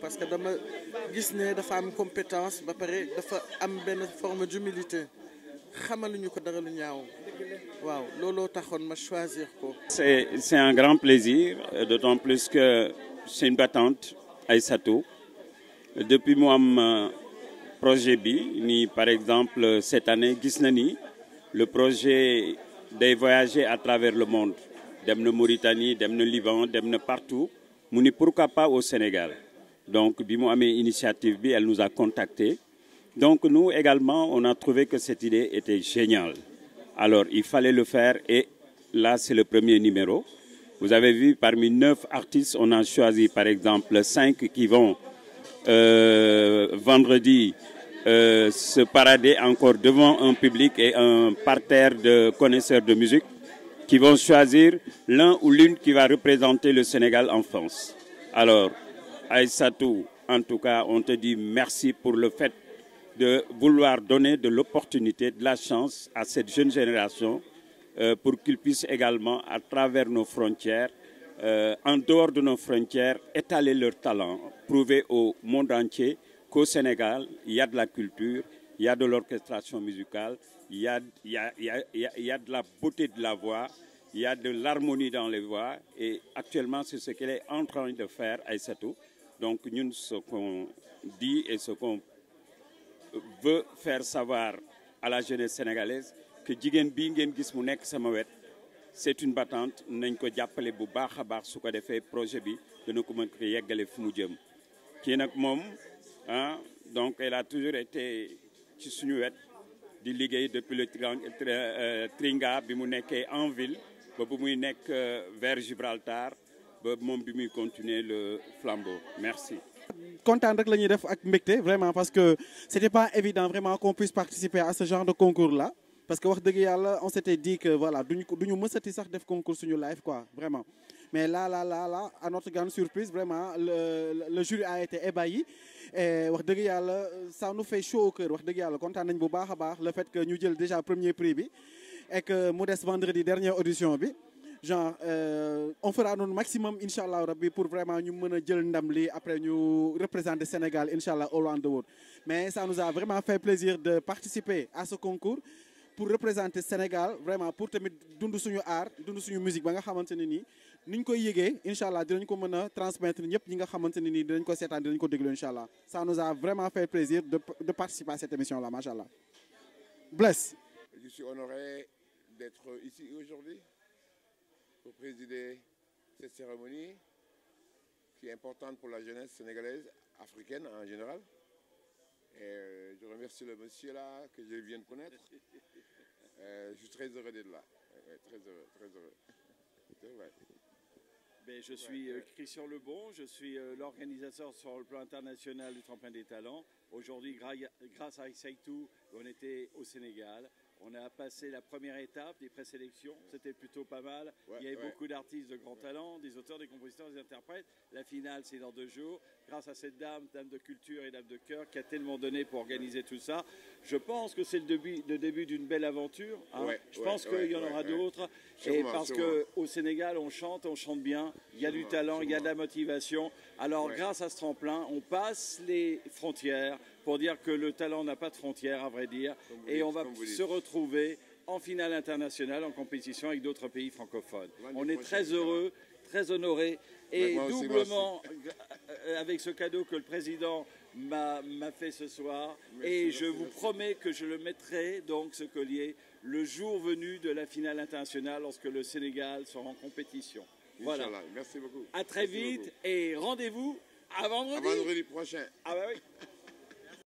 parce que dama gis né dafa am compétence ba paré dafa am forme d'humilité xamaluñu ko dara lu ñaaw waaw lolo taxone ma choisir c'est un grand plaisir d'autant plus que c'est une battante Aïssatou depuis mon euh, projet bi par exemple cette année gis le projet de voyager à travers le monde dem na Mauritanie dem na Liban dem na partout nous ne pourquoi pas au Sénégal. Donc, Bimou Initiative B, elle nous a contactés. Donc, nous également, on a trouvé que cette idée était géniale. Alors, il fallait le faire et là, c'est le premier numéro. Vous avez vu, parmi neuf artistes, on a choisi par exemple cinq qui vont euh, vendredi euh, se parader encore devant un public et un parterre de connaisseurs de musique qui vont choisir l'un ou l'une qui va représenter le Sénégal en France. Alors, Aïssatou, en tout cas, on te dit merci pour le fait de vouloir donner de l'opportunité, de la chance à cette jeune génération euh, pour qu'ils puissent également, à travers nos frontières, euh, en dehors de nos frontières, étaler leurs talents, prouver au monde entier qu'au Sénégal, il y a de la culture, il y a de l'orchestration musicale, il y, a, il y a de la beauté de la voix, il y a de l'harmonie dans les voix. Et actuellement, c'est ce qu'elle est en train de faire, Aïssatou. Donc nous, ce qu'on dit et ce qu'on veut faire savoir à la jeunesse sénégalaise, que jigéen bii ngeen gis mu nekk c'est une battante nañ ko jàppale bu baax a baax su ko defee projet bi dana ko mën ko yeggale fu mu jëm kii ah, donc elle a toujours été ci suñu wet di depuis le euh, Tringa bi mu en ville ba bu muy euh, vers Gibraltar ba moom bi continuer le flambeau merci. Content rek la avec def vraiment parce que c'était pas évident vraiment qu'on puisse participer à ce genre de concours là parce que on s'était dit que voilà duñu duñu mësati sax def concours suñu live quoi vraiment mais là là là là à notre grande surprise vraiment le le jury a été ébahi et ça nous fait chaud au cœur wax dëgg yàlla content, nañ le fait que nous jël déjà premier prix et que Modest vendredi dernière audition bi genre euh, on fera notre maximum Inch'Allah, pour vraiment nous mener jël ndam li après nous représenter Sénégal Inch'Allah, au round the world mais ça nous a vraiment fait plaisir de participer à ce concours pour représenter Sénégal vraiment pour tamit dundu suñu art dundu suñu musique ba nga xamante ni niñ koy yégué Inch'Allah, dinañ ko transmettre ñëpp ñi nga xamante ni dinañ ko sétane dinañ ko déglu incha ça nous a vraiment fait plaisir de de participer à cette émission là machallah Bless. Je suis honoré d'être ici aujourd'hui pour présider cette cérémonie qui est importante pour la jeunesse sénégalaise, africaine en général. Euh, je remercie le monsieur là que je viens de connaître. Euh, je suis très heureux d'être là. Ben, je suis euh, Christian Lebon, je suis l'organisateur sur le plan international du Tremplin des Talents. Aujourd'hui, grâce à Isaitou, on était au Sénégal. On a passé la première étape des présélections, c'était plutôt pas mal. il y avait beaucoup d'artistes de grand talent, des auteurs, des compositeurs, des interprètes. La finale, c'est dans deux jours. Grâce à cette dame, dame de culture et dame de cœur, qui a tellement donné pour organiser tout ça, je pense que c'est le début, d'une belle aventure. Hein. je pense qu'il y en aura d'autres. Et parce qu'au Sénégal, on chante, on chante bien. Il y a du talent, il y a de la motivation. Alors, grâce à ce tremplin, on passe les frontières pour dire que le talent n'a pas de frontières, à vrai dire. et on va se retrouver en finale internationale en compétition avec d'autres pays francophones. On est très heureux, très honorés et doublement euh, avec ce cadeau que le président m'a fait ce soir. Et je vous promets que je le mettrai, donc ce collier, le jour venu de la finale internationale lorsque le Sénégal sera en compétition. Voilà. Merci beaucoup. À très vite et rendez-vous à vendredi. prochain. Ah bah